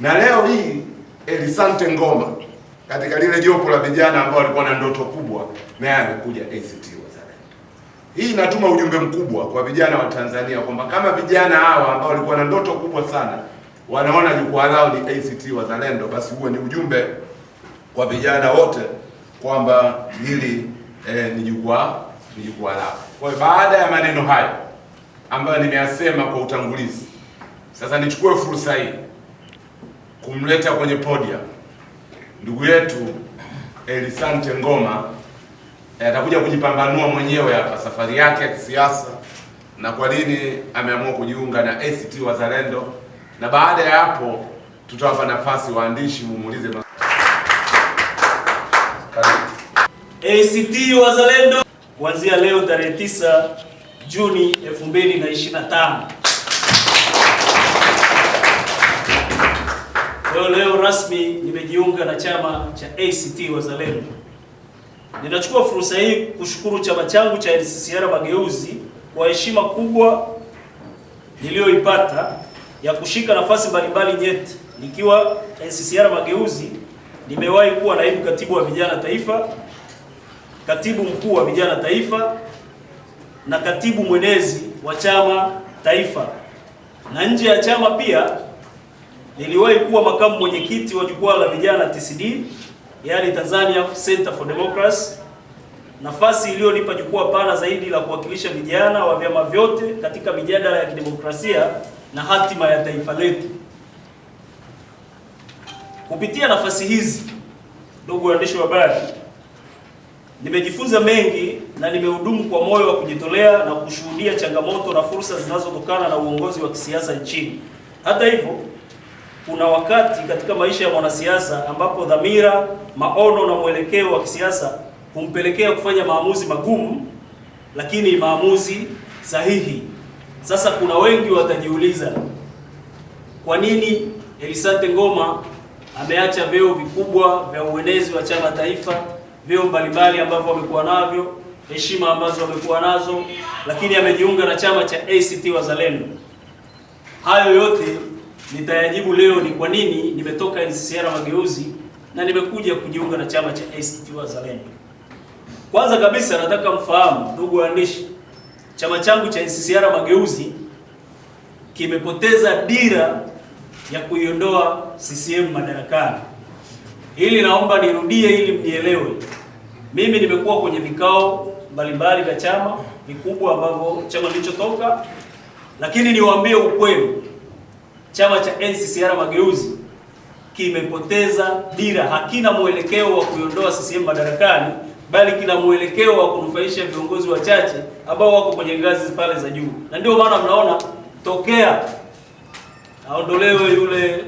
na leo hii Elisante Ngoma katika lile jopo la vijana ambao walikuwa na ndoto kubwa, naye amekuja ACT Wazalendo. Hii inatuma ujumbe mkubwa kwa vijana wa Tanzania kwamba kama vijana hawa ambao walikuwa na ndoto kubwa sana wanaona jukwaa lao ni ACT Wazalendo, basi huo ni ujumbe kwa vijana wote kwamba hili eh, ni jukwaa ni jukwaa lao. Kwa hiyo baada ya maneno hayo ambayo nimeyasema kwa utangulizi, sasa nichukue fursa hii kumleta kwenye podia ndugu yetu Elisante Ngoma eh, atakuja kujipambanua mwenyewe hapa safari yake ya kisiasa na kwa nini ameamua kujiunga na ACT Wazalendo, na baada ya hapo tutawapa nafasi waandishi mumuulize. ACT Wazalendo kuanzia leo tarehe 9 Juni 2025. rasmi nimejiunga na chama cha ACT Wazalendo. Ninachukua fursa hii kushukuru chama changu cha NCCR Mageuzi kwa heshima kubwa niliyoipata ya kushika nafasi mbalimbali nyeti. Nikiwa NCCR Mageuzi, nimewahi kuwa naibu katibu wa vijana taifa, katibu mkuu wa vijana taifa na katibu mwenezi wa chama taifa, na nje ya chama pia Niliwahi kuwa makamu mwenyekiti wa jukwaa la vijana TCD, yaani Tanzania Center for Democracy, nafasi iliyonipa jukwaa pana zaidi la kuwakilisha vijana wa vyama vyote katika mijadala ya kidemokrasia na hatima ya taifa letu. Kupitia nafasi hizi, ndugu waandishi wa habari, nimejifunza mengi na nimehudumu kwa moyo wa kujitolea na kushuhudia changamoto na fursa zinazotokana na uongozi wa kisiasa nchini. Hata hivyo kuna wakati katika maisha ya mwanasiasa ambapo dhamira, maono na mwelekeo wa kisiasa humpelekea kufanya maamuzi magumu, lakini maamuzi sahihi. Sasa kuna wengi watajiuliza kwa nini Elisante Ngoma ameacha vyeo vikubwa vya uenezi wa chama taifa, vyeo mbalimbali ambavyo wamekuwa navyo, heshima ambazo wamekuwa nazo, lakini amejiunga na chama cha ACT Wazalendo. Hayo yote nitayajibu leo ni kwa nini nimetoka NCCR Mageuzi na nimekuja kujiunga na chama cha ACT Wazalendo. Kwanza kabisa nataka mfahamu, ndugu waandishi, chama changu cha NCCR Mageuzi kimepoteza dira ya kuiondoa CCM madarakani. Hili naomba nirudie ili mnielewe. Mimi nimekuwa kwenye vikao mbalimbali vya chama vikubwa ambavyo chama kilichotoka, lakini niwaambie ukweli chama cha NCCR Mageuzi kimepoteza dira, hakina mwelekeo wa kuiondoa CCM madarakani, bali kina mwelekeo wa kunufaisha viongozi wachache ambao wako kwenye ngazi pale za juu, na ndio maana mnaona tokea aondolewe yule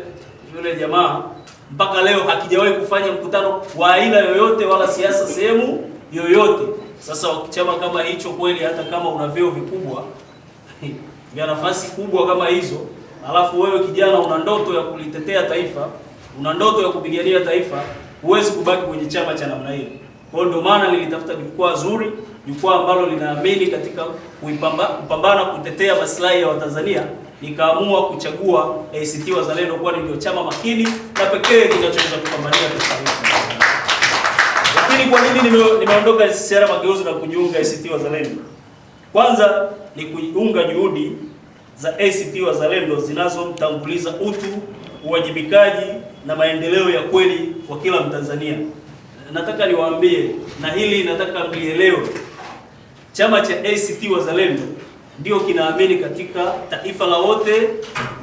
yule jamaa mpaka leo hakijawahi kufanya mkutano wa aina yoyote wala siasa sehemu yoyote. Sasa chama kama hicho kweli, hata kama una vyeo vikubwa vya nafasi kubwa kama hizo alafu wewe kijana una ndoto ya kulitetea taifa, una ndoto ya kupigania taifa, huwezi kubaki kwenye chama cha namna hiyo. Kwa hiyo ndio maana nilitafuta jukwaa zuri, jukwaa ambalo linaamini katika kupambana kutetea maslahi ya Watanzania. Nikaamua kuchagua ACT Wazalendo kuwa ndio chama makini na pekee kinachoweza kupambania taifa Lakini kwa nini nimeondoka CCR Mageuzi na kujiunga ACT Wazalendo? Kwanza ni kuunga juhudi za ACT Wazalendo zinazomtanguliza utu, uwajibikaji na maendeleo ya kweli kwa kila Mtanzania. Nataka niwaambie na hili nataka mlielewe, chama cha ACT Wazalendo ndio kinaamini katika taifa la wote,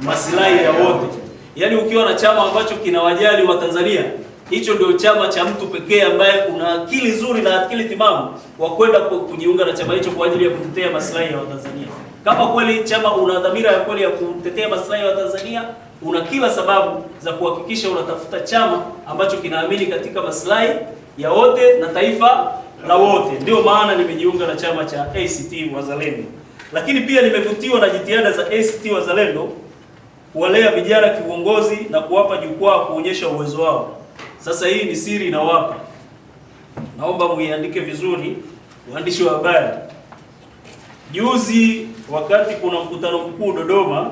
masilahi ya wote. Yaani ukiwa na chama ambacho kinawajali Watanzania, hicho ndio chama cha mtu pekee ambaye una akili nzuri na akili timamu wa kwenda kujiunga na chama hicho kwa ajili ya kutetea masilahi ya Watanzania. Kama kweli chama una dhamira ya kweli ya kutetea maslahi ya tanzania una kila sababu za kuhakikisha unatafuta chama ambacho kinaamini katika maslahi ya wote na taifa la wote. Ndio maana nimejiunga na chama cha ACT Wazalendo, lakini pia nimevutiwa na jitihada za ACT Wazalendo kuwalea vijana kiuongozi na kuwapa jukwaa kuonyesha uwezo wao. Sasa hii ni siri na wapa, naomba muiandike vizuri, waandishi wa habari. Juzi wakati kuna mkutano mkuu Dodoma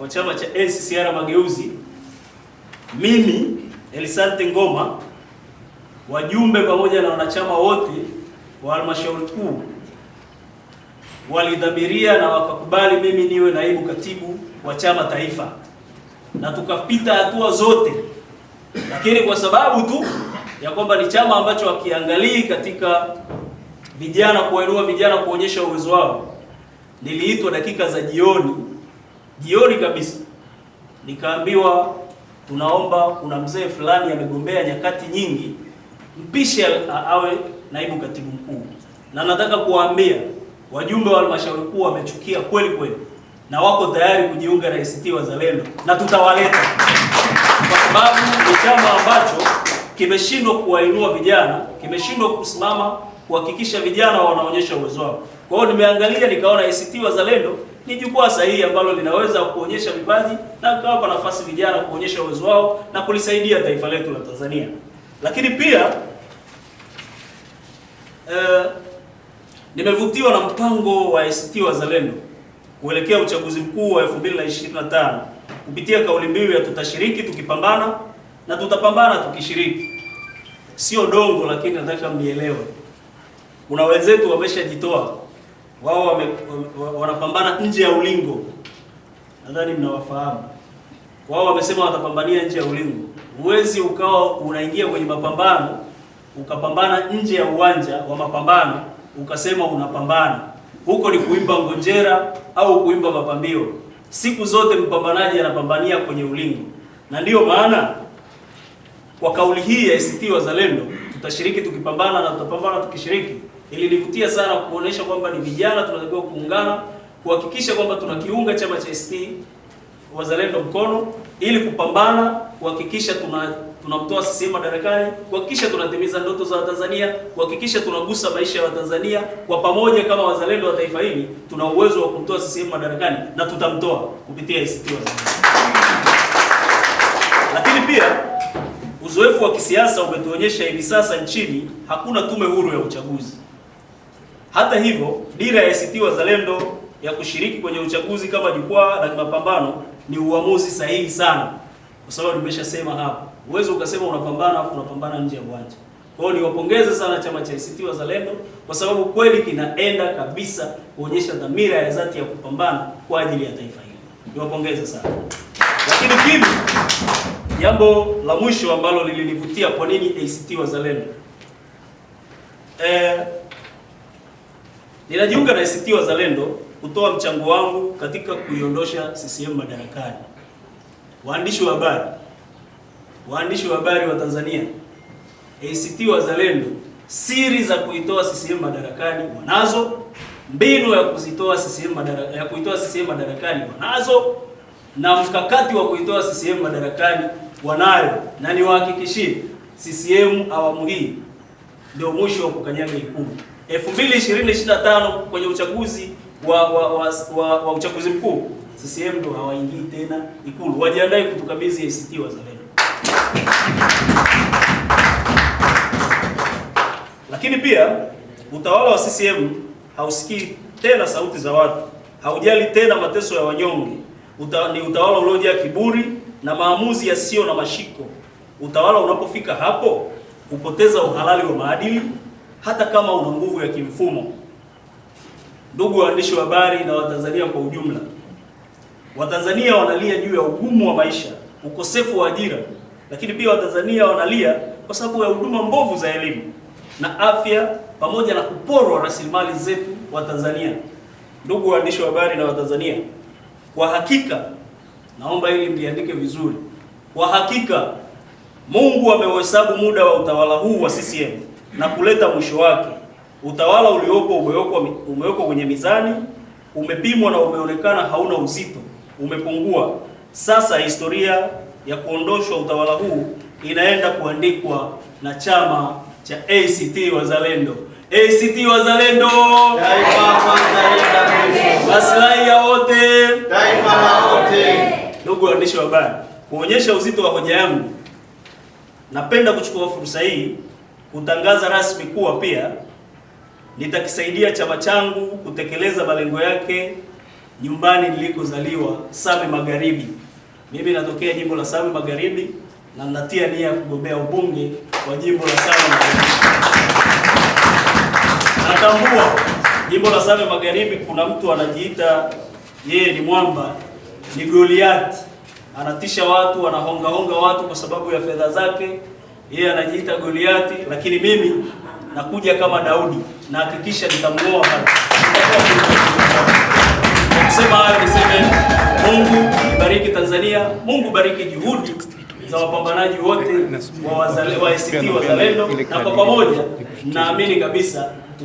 wa chama cha NCCR Mageuzi, mimi Elisante Ngoma, wajumbe pamoja na wanachama wote wa halmashauri kuu walidhamiria na wakakubali mimi niwe naibu katibu wa chama taifa, na tukapita hatua zote, lakini kwa sababu tu ya kwamba ni chama ambacho hakiangalii katika vijana, kuwainua vijana, kuonyesha uwezo wao niliitwa dakika za jioni, jioni kabisa, nikaambiwa tunaomba, kuna mzee fulani amegombea nyakati nyingi, mpishe awe naibu katibu mkuu, na nataka kuwaambia wajumbe wa halmashauri kuu wamechukia kweli kweli, na wako tayari kujiunga na ACT Wazalendo na tutawaleta, kwa sababu ni chama ambacho kimeshindwa kuwainua vijana, kimeshindwa kusimama kuhakikisha vijana wanaonyesha uwezo wao. Kwa hiyo nimeangalia nikaona ACT Wazalendo ni jukwaa sahihi ambalo linaweza kuonyesha vipaji na kuwapa nafasi vijana kuonyesha uwezo wao na kulisaidia taifa letu la Tanzania. Lakini pia eh, nimevutiwa na mpango wa ACT Wazalendo kuelekea uchaguzi mkuu wa 2025 kupitia kauli mbiu ya tutashiriki tukipambana na tutapambana tukishiriki. Sio dongo, lakini nataka mnielewe. Kuna wenzetu wameshajitoa wao wanapambana nje ya ulingo, nadhani mnawafahamu. Wao wamesema watapambania nje ya ulingo. Huwezi ukawa unaingia kwenye mapambano ukapambana nje ya uwanja wa mapambano ukasema unapambana huko, ni kuimba ngonjera au kuimba mapambio. Siku zote mpambanaji anapambania kwenye ulingo, na ndiyo maana kwa kauli hii ya ACT Wazalendo tutashiriki tukipambana na tutapambana tukishiriki Ilinivutia sana kuonesha kwamba ni vijana tunatakiwa kuungana kuhakikisha kwamba tunakiunga chama cha ACT Wazalendo mkono ili kupambana kuhakikisha tuna tunamtoa CCM madarakani, kuhakikisha tunatimiza ndoto za Watanzania, kuhakikisha tunagusa maisha ya Watanzania kwa pamoja. Kama wazalendo wa taifa hili, tuna uwezo wa kumtoa CCM madarakani na tutamtoa kupitia ACT lakini pia uzoefu wa kisiasa umetuonyesha hivi sasa nchini hakuna tume huru ya uchaguzi. Hata hivyo, dira ya ACT Wazalendo ya kushiriki kwenye uchaguzi kama jukwaa la mapambano ni uamuzi sahihi sana, kwa sababu nimeshasema hapo, uwezo ukasema unapambana afu unapambana nje ya uwanja. Kwa hiyo niwapongeze sana chama cha ACT Wazalendo kwa sababu kweli kinaenda kabisa kuonyesha dhamira ya dhati ya kupambana kwa ajili ya taifa hili, niwapongeze sana. Lakini pili, jambo la mwisho ambalo lilinivutia kwa nini ACT Wazalendo eh, Ninajiunga na ACT Wazalendo kutoa mchango wangu katika kuiondosha CCM madarakani. Waandishi wa habari, waandishi wa habari wa Tanzania, ACT Wazalendo, siri za kuitoa CCM madarakani wanazo, mbinu ya kuzitoa CCM madarakani, ya kuitoa CCM madarakani wanazo, na mkakati wa kuitoa CCM madarakani wanayo, na niwahakikishie CCM awamu hii ndio mwisho wa kukanyaga Ikulu. 2025 kwenye uchaguzi wa wa, wa, wa, wa uchaguzi mkuu CCM ndo hawaingii tena Ikulu, wajiandae kutukabidhi ACT Wazalendo. Lakini pia utawala wa CCM hausikii tena sauti za watu, haujali tena mateso ya wanyonge. Uta, ni utawala uliojaa kiburi na maamuzi yasiyo na mashiko. Utawala unapofika hapo hupoteza uhalali wa maadili hata kama una nguvu ya kimfumo. Ndugu waandishi wa habari na Watanzania kwa ujumla, Watanzania wanalia juu ya ugumu wa maisha, ukosefu wa ajira, lakini pia Watanzania wanalia kwa sababu ya huduma mbovu za elimu na afya pamoja na kuporwa rasilimali zetu Watanzania. Ndugu waandishi wa habari na Watanzania, kwa hakika naomba ili mliandike vizuri. Kwa hakika Mungu ameuhesabu muda wa utawala huu wa CCM na kuleta mwisho wake. Utawala uliopo umewekwa kwenye mizani, umepimwa na umeonekana hauna uzito, umepungua. Sasa historia ya kuondoshwa utawala huu inaenda kuandikwa na chama cha ACT Wazalendo. ACT Wazalendo, maslahi ya wote, taifa la wote. Ndugu waandishi wa habari, kuonyesha uzito wa hoja yangu, napenda kuchukua fursa hii kutangaza rasmi kuwa pia nitakisaidia chama changu kutekeleza malengo yake nyumbani nilikozaliwa Same Magharibi. Mimi natokea jimbo la Same Magharibi na natia nia ya kugombea ubunge kwa jimbo la Same Magharibi. Natambua jimbo la Same Magharibi kuna mtu anajiita yeye ni mwamba, ni Goliath, anatisha watu, anahongahonga watu kwa sababu ya fedha zake yeye anajiita Goliati, lakini mimi nakuja kama Daudi, nahakikisha nitamuoa pale. Kusema hayo niseme, Mungu ibariki Tanzania, Mungu bariki juhudi za wapambanaji wote wa ACT Wazalendo, na kwa pamoja naamini kabisa